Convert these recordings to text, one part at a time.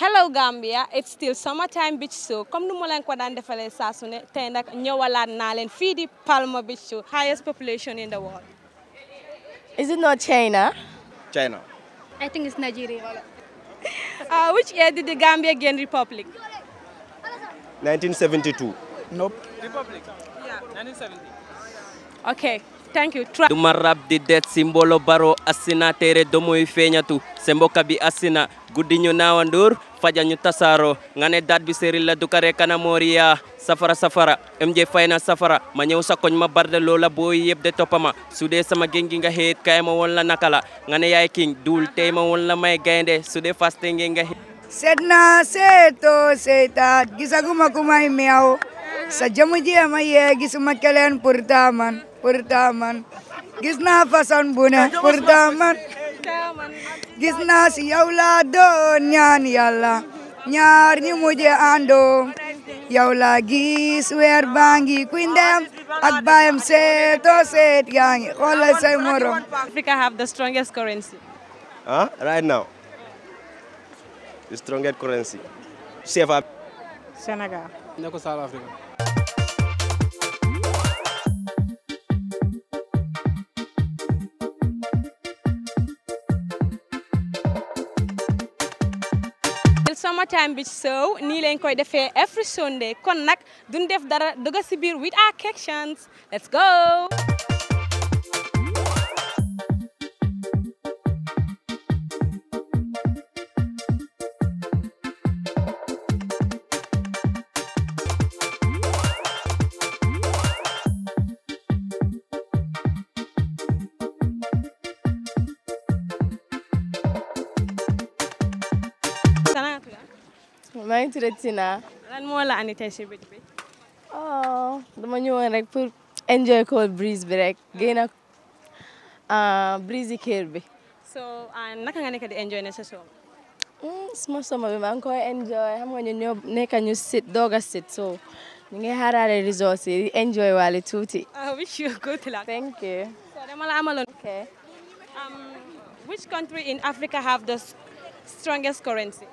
hello Gambia it's still summertime beach so. comme nu ma leen ko daan defalee saa su ne tey nag ñëwalaat naa leen di Palma beach so. highest population in the world. is it not China? China. I think it's Nigeria. uh, which year did the Gambia gain republic? 1972. Nope. Republic. Yeah. 1970. Okay. Thank you. Duma di det simbolo baro asina tere domo ifenyatu sembo bi asina gudinyo nawandur fajanyu tasaro ngane dad bi seril la dukare kana moria safara safara mj fayna safara ma ñew sa koñ ma barde lola boy yeb de topama sude sama gengi nga heet kay ma won la nakala ngane yaay king dul tey ma won la may gaynde sude faste nge nga sedna seto seta gisaguma kumay meaw sa jamu ji ye gisuma kelen purtaman pourtant man gis naa façon bu ne pourtant man gis naa si yow laa doon ñaan yàlla ñaar ñi mujje àndoo gis weer baa ngi kuy ndem ak baayam seetoo seet yaa ngi xoolal say morom. Africa have the strongest currency. ah ko South Summertime Beach so nii lañ koy defee every Sunday kon nag duñ def dara dugg si with our questions let's go. maa ngi tudd Tina. lan moo la andi tey si bëj bi. oh dama ñëwoon rek pour enjoy cold breeze bi rek ah. génn ak ah, breeze yi kër bi. so ah, naka nga nekk di enjoy ne sa sooma. Hmm, suma sooma bi maa ngi koy enjoy xam nga ñu ñoo nekk ñu sit doog a sit so ñu ngi xaaraale resort yi di enjoy waale tuuti. I wish you good luck. thank you. so dama la amaloon. ok. Um, which country in Africa have the strongest currency.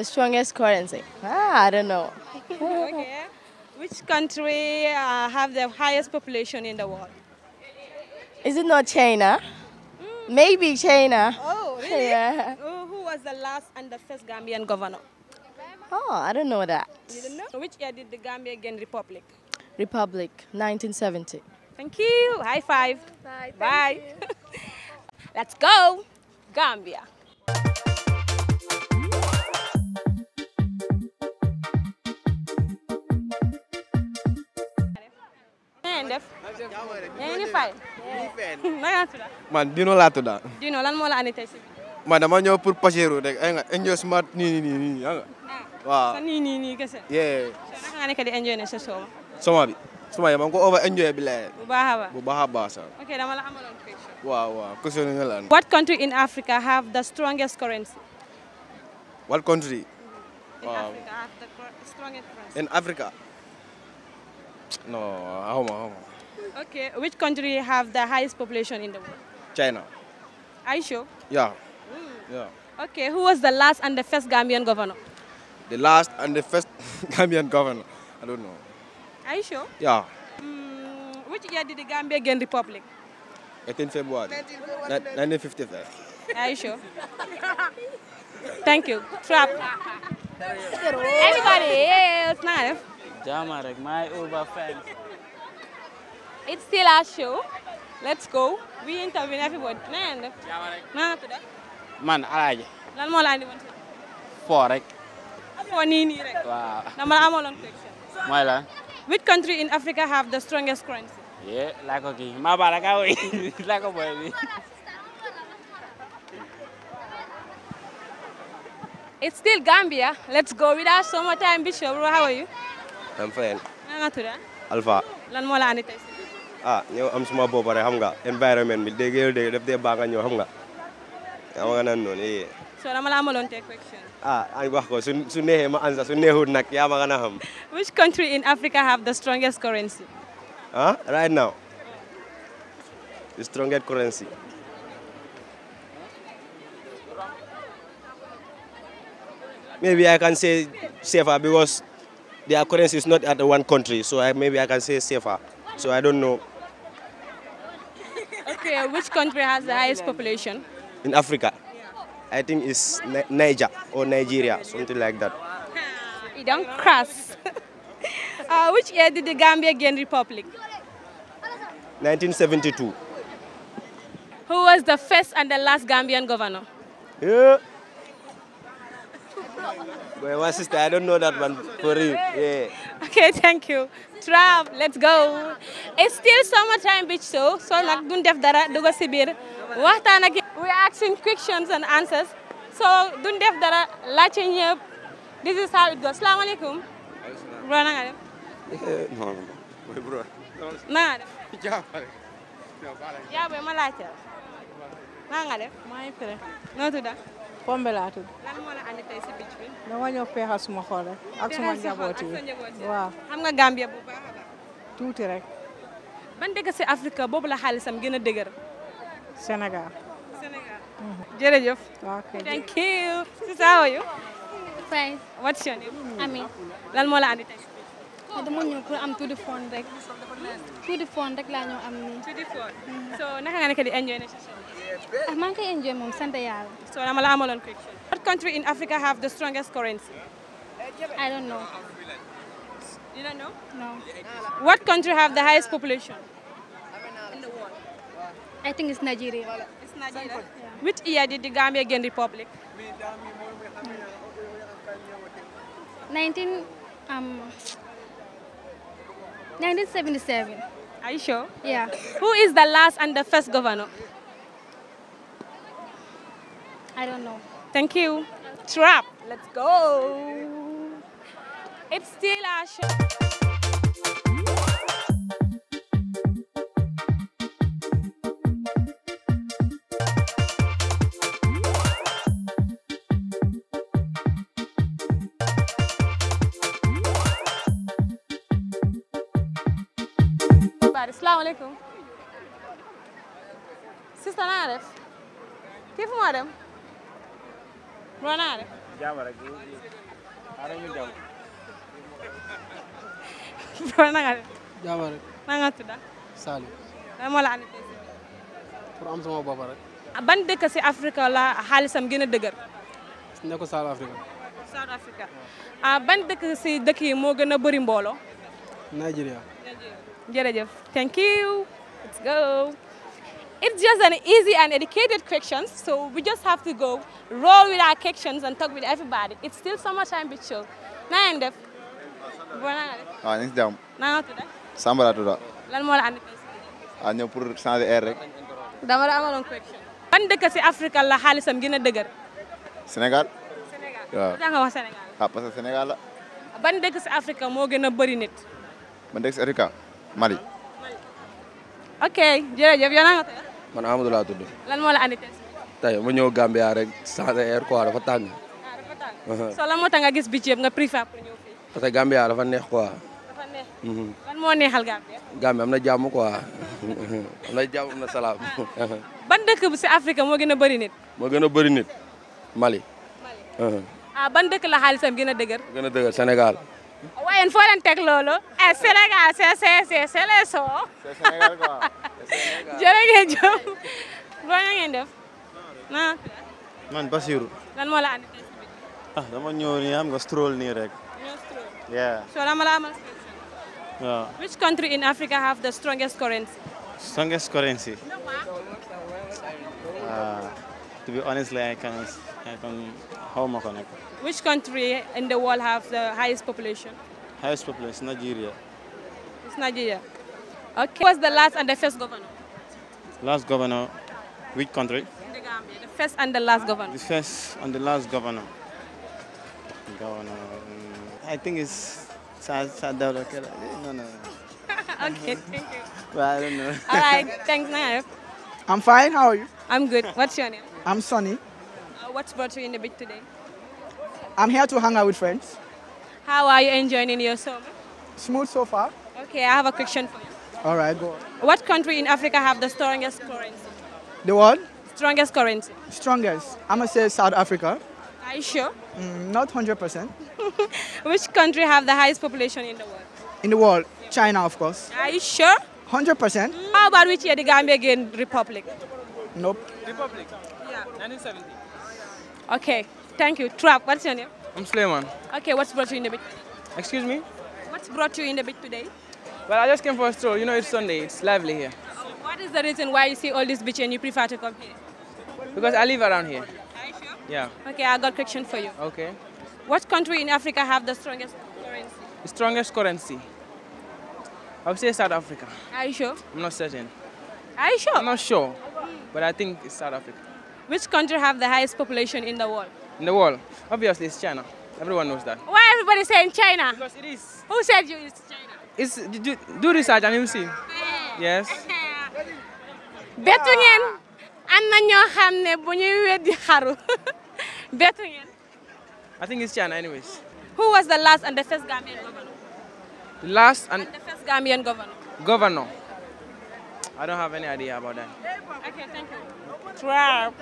The strongest currency? Ah, I don't know. okay. Which country uh, have the highest population in the world? Is it not China? Mm. Maybe China. Oh, really? Yeah. who was the last and the first Gambian governor? Oh, I don't know that. You don't know? Which year did the Gambia gain republic? Republic, 1970. Thank you. High five. Bye. Bye. Let's go. Gambia. yaa ngi fay. man Dino laa tudd. Dino lan moo la andi tey si biir. man dama ñëw pour Pajero rek ay eh, nga enjoy smart nii nii nii yaa nga. Ah. waaw sa nii nii nii kese. yee. naka nga nekk di enjoy ne sa sooma. sooma bi sooma yi ya, ma ko over enjoy ya bi laay. bu baax a baax bu baax a baax sax. ok dama la amaloon question. waaw waaw question nga lan. what country in Africa have the strongest currency. what country. in Africa have the strongest currency. in Africa. non xawma xawma. Okay, which country have the highest population in the world? China. Are you sure? Yeah. Mm. Yeah. Okay, who was the last and the first Gambian governor? The last and the first Gambian governor. I don't know. Are you sure? Yeah. Mm, which year did the Gambia gain republic? 18 February. 1955. Are you sure? Thank you. Trap. Anybody else? Nice. Jama, my Uber friend. It's still our show. Let's go. We interview everybody. Man, def man Alaaji. lan moo la andi woon si. foo rek. foo nii Wow. rek. waaw dama la Which country in Africa have the strongest currency? Yeah, like okay. Ma bara ka we. Like boy. It's still Gambia. Let's go with our time, bishop. How are you? I'm fine. Nga tudd Alpha. Lan moo la andi ah ñëw am suma boppa rek xam nga Environment, bi dégg yow dégg def dee baax nga ñëw xam nga xam nga nan noonu yee eh. so dama la amaloon te question ah ay wax ko su su neexee ma ansa su neexut nag yaa ma gën xam which country in Africa have the strongest currency ah right now the strongest currency maybe I can say safer because their currency is not at one country so I, maybe I can say safer so I don't know Africa, uh, which country has the highest population? In Africa? I think it's Niger or Nigeria, something like that. You don't cross. uh, which year did the Gambia gain republic? 1972. Who was the first and the last Gambian governor? Yeah. Well, my sister, I don't know that one for you. Yeah. Okay, thank you. Trap, let's go. It's still summertime beach so so nag duñ def dara dugg si biir waxtaan ak we're asking questions and answers. So duñ def dara laajte ñëpp. This is how it goes. Salaamaaleykum. Bro, na nga def? No, no, no. Bro. Na nga def? Jaabare. Jaabare ma laajte. Na nga def? Maa ngi pare. Noo tudd? Pombe laa tudd. lan moo la andi tey si beach bi. dama ñëw peexal suma ak suma njaboot yi waaw. xam nga Gambia tuuti rek. ban dëkk si Afrique boobu la xaalisam gën a dëgër. Sénégal. Sénégal. Mhm. jërëjëf. ok thank you. Sister, how are you? Fine. moo la andi tey. mais dama ñëw pour am to the phone rek. tuuti fond rek laa ñëw am nii. tuuti fond. so naka nga nekk di enjoy na ah maa enjoy moom sant yàlla. so dama la amaloon question. what country in Africa have the strongest currency? I don't know. You don't know? No. What country have the highest population? In the world. I think it's Nigeria. It's Nigeria. Yeah. Which year did the Gambia gain republic? 19 um 1977. Are you sure? Yeah. Who is the last and the first governor? I don't know. Thank you. Trap. Let's go. It's still our show. salaamaaleykum sista naa def kii fu dem boo naa def. jàmm rek xaaral ñu jàmm. boo na nga def. pour am sama rek. ban dëkk si Afrique la xaalisam gën a dëgër. ne ko Africa. ban dëkk si dëkk moo gën a bëri mbooloo. Nigeria. jërëjëf thank you let's go it's just an easy and educated questions so we just have to go roll with our questions and talk with everybody it's still summertime beach show na ngeen def Ah, na nga def waaw ah, ñu ngi si jàmm na nga tudd Samba laa tudd lan moo la andi tey ah ñëw pour changer air rek dama la amaloon question ban dëkk si la xaalisam gën a dëgër Sénégal Sénégal Yeah. da Sénégal ah parce que Sénégal la ban dëkk si Afrique moo nit ban dëkk Mali. ok jërëjëf yow naa nga tey. man Amadou laa tudd. lan moo la andi tey. tey ma ñëw Gambia rek changé air quoi dafa tàng. ah dafa uh-huh. soo lan moo tax nga gis bi nga préfère parce que Gambia dafa neex quoi. dafa mm-hmm. lan moo neexal Gambia. am na jàmm quoi am na jàmm na salaam. ban dëkk si Afrique moo gën a bëri moo gën a bëri Mali. Mali. Uh-huh. Ah, ban dëkk la xaalisam gën gën a dëgër Sénégal. waaye foo leen teg loolu ah Sénégal c'est c'est c'est les c'est Sénégal quoi c'est Sénégal. jërë ngeen jëf loolu ngeen def man Basirou. lan moo la andi tey si ah dama ñëw nii nga stroll nii rek. stroll. yeah. so la which country in Africa have the strongest currency? strongest currency. ah to be honest like I can I can. How Which country in the world has the highest population? Highest population, Nigeria. It's Nigeria. Okay. Who was the last and the first governor? Last governor, which country? In the Gambia, the first and the last governor. The first and the last governor. Governor, um, I think it's Sadar okay. No, no. okay, thank you. Well, I don't know. All right, thanks, Naif. I'm fine, how are you? I'm good. What's your name? I'm Sonny what's brought you in the bit today? I'm here to hang out with friends. How are you enjoying your summer? Smooth so far. Okay, I have a question for you. All right, go on. What country in Africa have the strongest currency? The what? Strongest currency. Strongest. I'm going to say South Africa. Are you sure? Mm, not 100%. Which country have the highest population in the world? In the world? Yeah. China, of course. Are you sure? 100%. How about which year the Gambia gained Republic? Nope. Republic? Yeah. 1970. Okay, thank you. Trap, what's your name? I'm Sleiman. Okay, what's brought you in the beach? Excuse me? What's brought you in the beach today? Well, I just came for a stroll. You know, it's Sunday. It's lively here. Oh, what is the reason why you see all this beach and you prefer to come here? Because I live around here. Are you sure? Yeah. Okay, I got a question for you. Okay. What country in Africa have the strongest currency? The strongest currency? I would say South Africa. Are you sure? I'm not certain. Are you sure? I'm not sure, but I think it's South Africa. Which country have the highest population in the world? In the world? Obviously, it's China. Everyone knows that. Why everybody saying China? Because it is. Who said you it's China? It's, do, do research and you'll see. Yes. Bettu ngeen am na ne I think it's China anyways. Who was the last and the first Gambian governor? Last and, and the first Gambian governor? Governor. I don't have any idea about that. Okay, thank you. trap.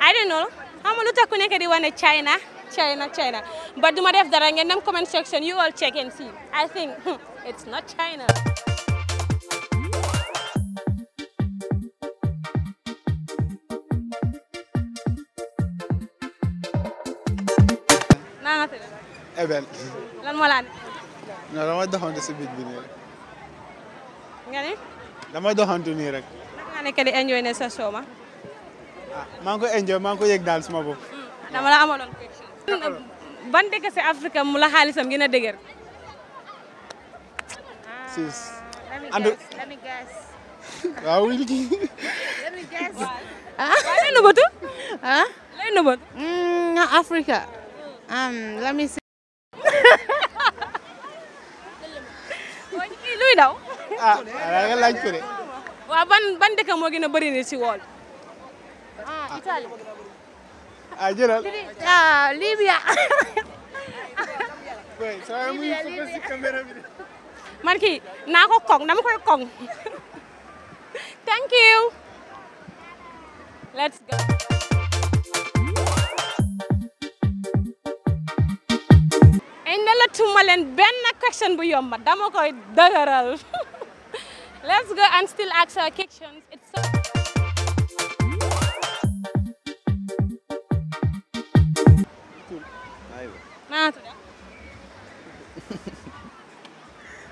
I don't know xam lu tax ku nekk di China China China but duma def dara ngeen dem comment section you all check and see I think hmm, it's not China. Ebel. lan moo la andi. non damay si biir bi nii rek. nga ni. damay doxantu nii rek. enjoy ne sa sooma. Mango enjoy mango yek dance yëg suma dama la question. ban si Afrika, mu la xaalisam gën a and let me guess. waaw. let me guess. ah lay nëbbatu. Mm, ah lay nëbbatu. Africa. um let me see. Ah, ah, ah ah, ah, Ah, ah, ah, ah, ah, ah, ah, ah, ah, ah, ah, ah, ah Ah, Libya. Wait, I'm camera. na kong, na mo kong. Thank you. Let's go. indalatuma leen benn question bu yomba koy dëgëral let's go and still ask our questions it's so Nah, sudah.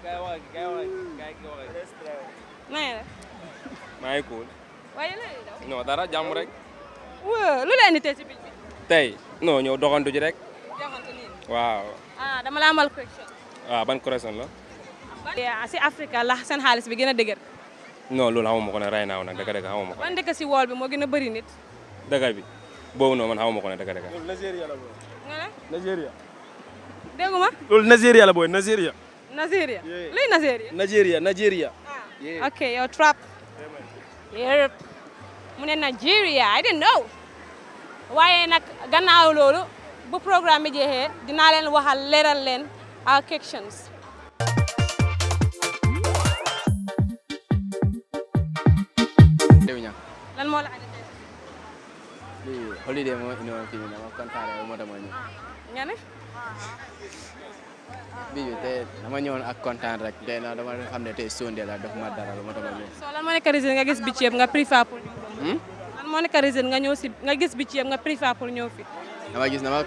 Gaya lagi, gaya lagi, gaya lagi. Nah, معايا كول non dara jàmm rek waa ah dama la amal question waaw ah, ban question la si Afrique la seen xaalis bi gën a dëgër non loolu ko ne ray naaw nag dëgg-dëgg xamuma ko ban dëkk bi nit bi man ko ne Nigeria la Nigeria déggu ma loolu Nigeria la booy Nigeria. Nigeria luy Nigeria. Nigeria Nigeria. Ah. ok yow trap. yëpp mu ne Nigeria I didn't know waaye nag gannaaw loolu bu programme bi dinaa leen waxal leeral leen our questions. lan moo la andi holiday moo indi woon fii nii dama moo ma ñëw. nga ne. bii ñëwoon ak kontaan rek tey na dama xam ne tey sonde la daf ma dara lu ma tax a. soo lan moo nekk reason nga gis bi ceeb nga préfère pour ñëw. Hmm? lan moo nekk reason nga ñëw si nga gis bi ceeb nga préfère pour ñëw fi. dama gis dama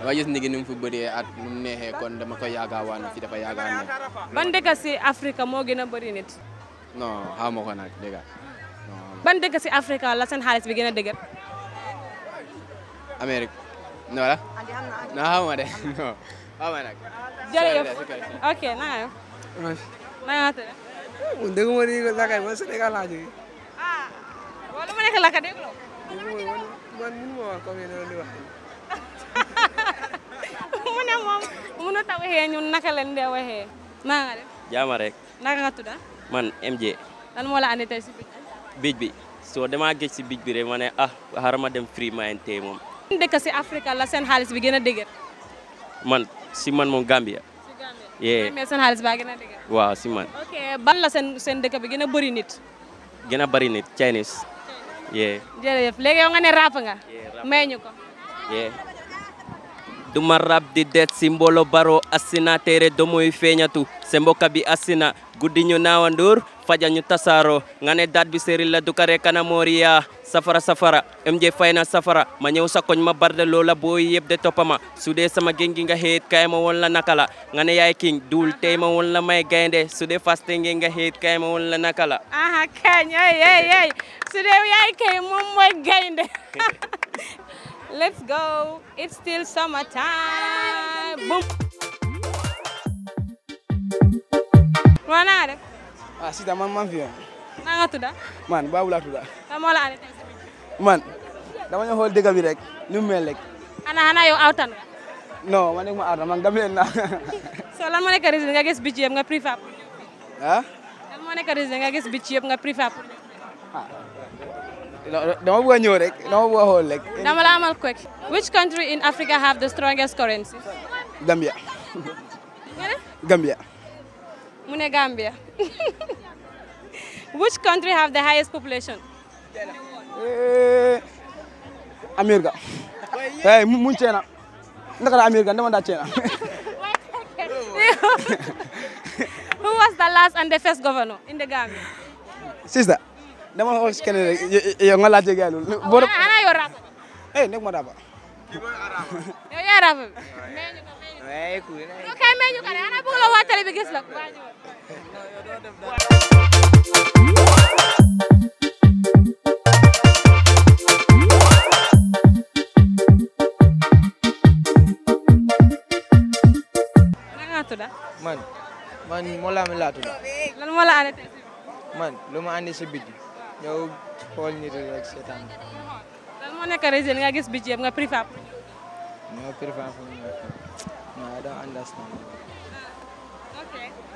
dama gis ni mu fi bëree at nu mu kon dama ko yaaga waan fi dafa yaaga ne. ban dëkk si moo gën a bëri nit. non xamoo ko nag dëgg ban dëkk si Afrique la seen xaalis bi gën a dëgër. wala no xamuma de non xamuma nag jërëjëf ok na nga def na nga tëdd mun dégg ah wala ma nekk lakay dégg man man mënuma wax comme yéen loolu di wax mu ne moom mënut a waxee ñun naka leen dee waxee na nga def jaama MJ lan moo la andi tey si bij bi bij bi soo demaa ah xaaral ma free main temu. dëkk si Afrique la seen xaalis bi gën a dëgër. man si man moom Gambia. si Gambia mais seen xaalis baa gën a dëgër. waaw si man. ok ban la seen seen dëkk bi gën a bëri nit. gën a bëri nit Chinese. jërëjëf léegi yow nga ne nga. may ñu ko. duma rabdi det simbolo baro assina tere domoy feeñatu sembo kabi assina guddi ñu naawandur faja ñu tasaaro nga ne daat bi séeri la dukare kana moriya safara safara mj fayna safara ma ñëw sa koñ ma barde loola booy yëpp de toppama su dee sama gengi nga xeet kay ma woon la nakala nga ne yaay king duul tey ma woon la may gaynde su dee faste nge nga xeet kay ma woon la nakala aha kañ ay ay ay su yaay kay moom mooy gaynde Let's go. It's still summertime. Boom. Wanare. Ah, si tamam ya. man fi. Na nga tuda? Man babu la tuda. Da mo la ani Man. Dama ñu xol dega bi rek, ñu mel rek. Ana ana yow awtan No, man ma awtan, man mang len na. So lan mo nek reason nga gis bitch yeb nga prefer pour ñew fi? Han? Lan mo nek reason nga gis bitch yeb nga Ah. dama bëgg a ñëw rek dama bëgg a xool rek. which country in Africa have the strongest currency? Gambia. Gambia. mu Gambia. which country have the highest population? Eh, America. hey eh, mun China. naka America dama daa China. Who was the last and the first governor in the Gambia? Sister. dama wax keneen rek yow nga laajte gars yi loolu. Ah, boo de ana ah, ah, yow raafa. eh nekk ma raafa. kii mooy raafa. yow yaa raafa. waaye ku ne. yow kay meññu ko de ana bëgg la waa télé bi gis la. man man Mola mi laa tudd. lan moo la arrêté. man lu ma andi si biti. ñëw xool nit yi rek seetaan lan moo nekk raison nga gis beach nga préfère ñoo préfère pour ñëw non I don't understand ok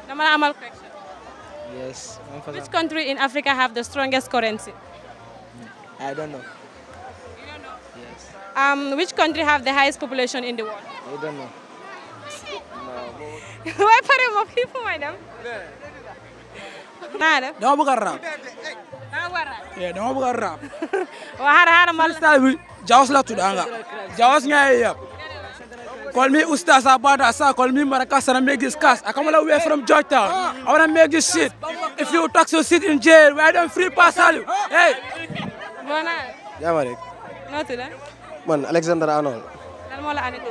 dama la amal question yes which country in Africa have the strongest currency I don't know um which country have the highest population in the world I don't know why pare mo fii fu may dem naa def dama bëgg a ye dama bëgg a rap waa xaar mal style bi jawas la tudd nga jawas nga yeb kolmi ustaz abada sa kolmi maraka sana make this cast i come all the way from georgetown i want make this shit if you talk so sit in jail why don't free pass you ah. hey bona jama ya, rek no tudd man alexander anol lan mo la ane ko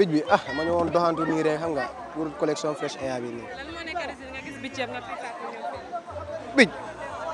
bij bi ah ma ñu won doxantu ni rek xam nga pour collection fresh air bi ni lan mo nekk nga gis bij nga fi tak bij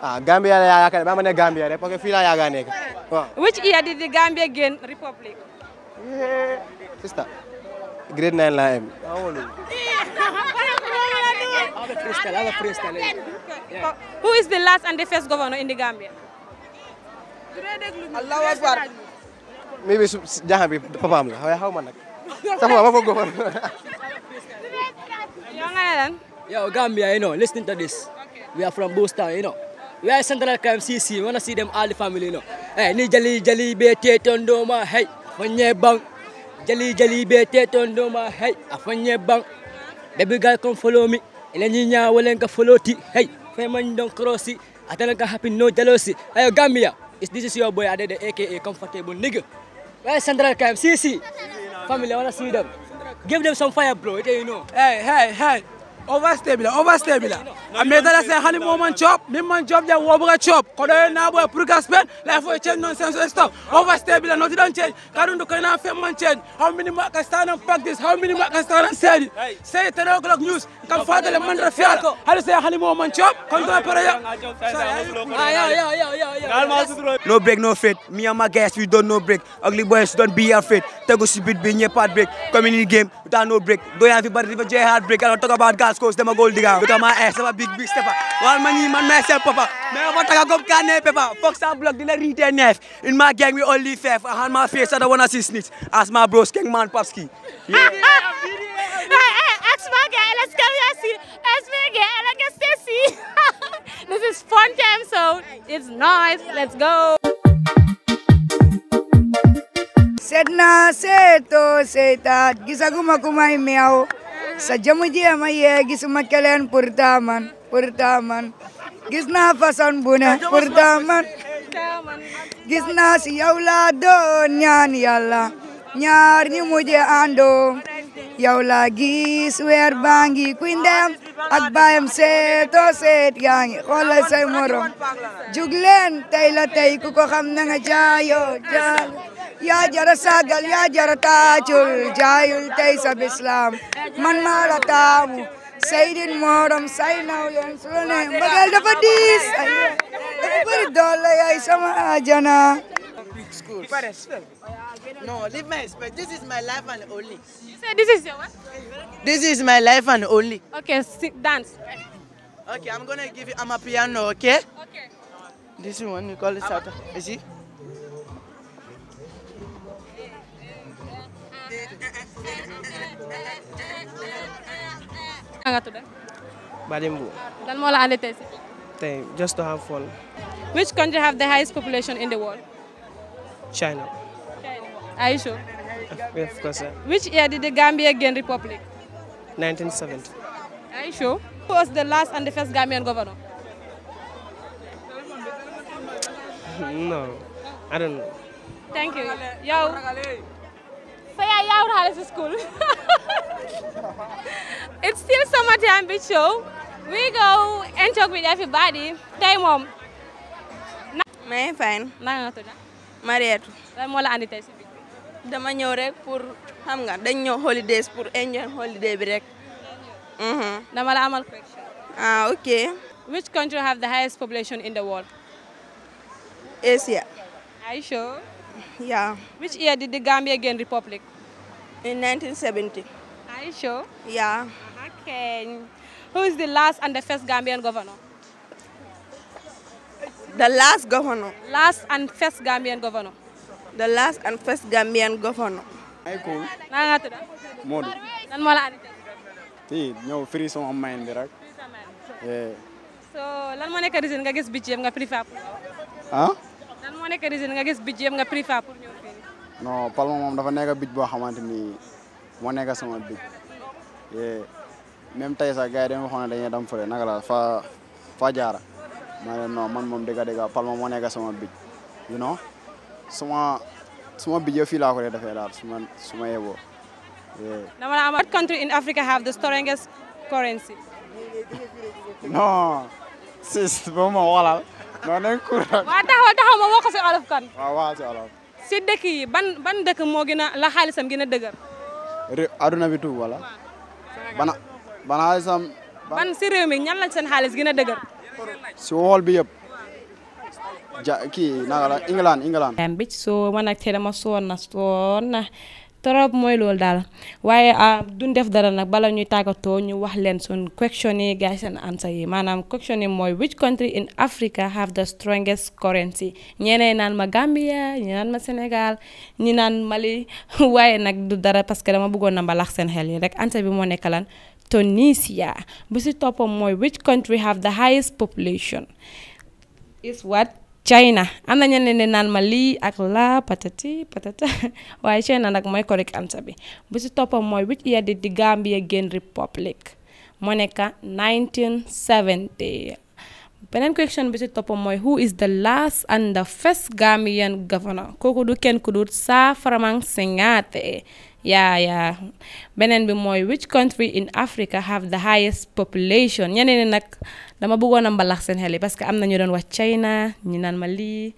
Ah, Gambia la yaakaar ba bama ne Gambia rek parce fila fii laa Which year did the Gambia gain republic? Eh, sister, grade 9 laa am. Who is the last and the first governor in the Gambia? Allahu Akbar. Maybe jangan bi papaam la How how ma nag. Sama ma ko governor. Yo Gambia, you know, listening to this. Okay. We are from Boostown, you know way ya, central kam si si wona si dem ali family no eh ni jali jali be te do ma hay fanye bang jali jali be te do ma a bang baby girl come follow me ene ni nya wala nga follow ti hey fe man don crossi atana ka happy no jealousy Ayo gambia is this is your boy adede aka comfortable nigga way eh, central kam si family wona si dem give them some fire bro it you know hey hey hey overstay bila overstay bila a megala sen hani moman chop min man chop ja a chop kodo na boy pour gaspen la fo change non sense stop overstay don't change kadun do kana fem man change how many mark can stand and practice how many mark can stand and o'clock news kam fadale man rafiat hal sen hani moman chop kon do pere ya ya no break no fit me and my don't no break ugly boys don't bi ñepat break community game da no break do break I ko dama gol diga notamment eh sama big big step war ma ni man mais c'est papa mais ma taka comme kané papa fox sa block dina rite neuf in my gang we only five and my face I don't wanna see snitch as my bros king man papski yeah. this is fun time, so it's nice. Let's go. Sedna seto setat gisa gumakumay meow. sa jamu ji ama yee gisuma keleen pourtant man pourtant gis naa façon bu ne pourtant gis naa si yow laa doon ñaan yàlla ñaar ñi mujj àndoo yow laa gis weer baa ngi kuy ndem ak baayam seet yaa ngi xoolal say morom jug leen tey ko xam na nga jaayoo jaal Ya jara sagal ya jara tajul jayul taisab Islam man malatamu Sayyidin moram, Sayyidina yon Sulane Bagal dapat dis Everybody dollar ya sama ajana No, leave my space. This is my life and only. You said this is your what? This is my life and only. Okay, sit, dance. Okay, I'm gonna give you I'm a piano, okay? Okay. This one you call it Sata. Is it? Badimbu. just to have fun. which country have the highest population in the world. China. Are you sure? Of course. Which year did the Gambia gain republic? 1970. Are you sure? Who was the last and the first Gambian governor? No, I don't know. Thank you. Yo. So yeah, yeah, would have school. it's still summertime beach show. We go and talk everybody. Tey moom. mais fine. maa ngi la tudd. Mariétou. lan moo la andi tey si beach dama ñëw rek pour xam nga dañ ñëw holidays pour enjoy holiday bi rek. Mhm. dama la amal question. ah ok. Which country have the highest population in the world? Asia. Are you Yeah. Which year did the Gambia gain republic? In 1970. Are you sure? Yeah. Uh-huh, Who is the last and the first Gambian governor? The last and first Gambian governor. The last and first Gambian governor. naa nga tudd. Modou. lan moo la free sama mind bi rek. lan moo nekk nga gis bi nga préfère. ah. nekk reason nga gis beach yëpp nga préfère pour ñëw fii. non Palma moom dafa nekk beach boo xamante ni moo nekk sama beach même tey sax gars yi dañoo waxoon ne dañuy dem fa fa jaara ma ne non man moom dëgg dëgg Palma moo nekk sama beach you know suma suma beach yëpp fii laa ko dee defee daal suma suma yeboo. dama what country in Africa have the strongest currency. no, sis boobu wala. non nañ ko kuréel. waaw taxawal taxaw ma wax ko kan. si olof. dëkk yi ban ban dëkk moo gën a la xaalisam gën a dëgër. réew aduna bi tuub wala. bana bana ban si réew mi ñan lañ seen xaalis gën a dëgër. si wool bi yëpp. ja kii naka la England England. Gambie soo man ak tey dama soon trop mooy loolu daal waaye ah, du def dara nag bala ñuy tàggatoo ñu wax leen suñ question yi guys and yi maanaam question mooy which country in Africa have the strongest currency ñeneen naan ma Gambia ñi naan ma Sénégal ñi naan Mali waaye nag du dara parce que dama bëggoon na mbalax seen xel yi rek answer bi moo nekk lan Tunisia bu si toppam mooy which country have the highest population is what China am na ñeneen ne naan ma lii ak laa patati patata waaye China nag mooy correct answer bi bu si toppam mooy which year di the Gambia gain republic moo nekk 1970 beneen question bi si toppam mooy who is the last and the first Gambian governor kooku du kenn ku dul Sir Framang yaa yaa beneen bi mooy which country in Africa have the highest population ñeneen nag dama buggoon a mbalax seen xel yi parce que am na ñu doon wax China ñu naan ma lii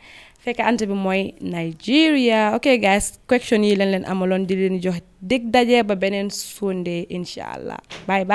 fekk ant bi mooy Nigeria ok guys question yi leen leen amaloon di leen jox dig daje ba beneen Sunday incha allah bye bye.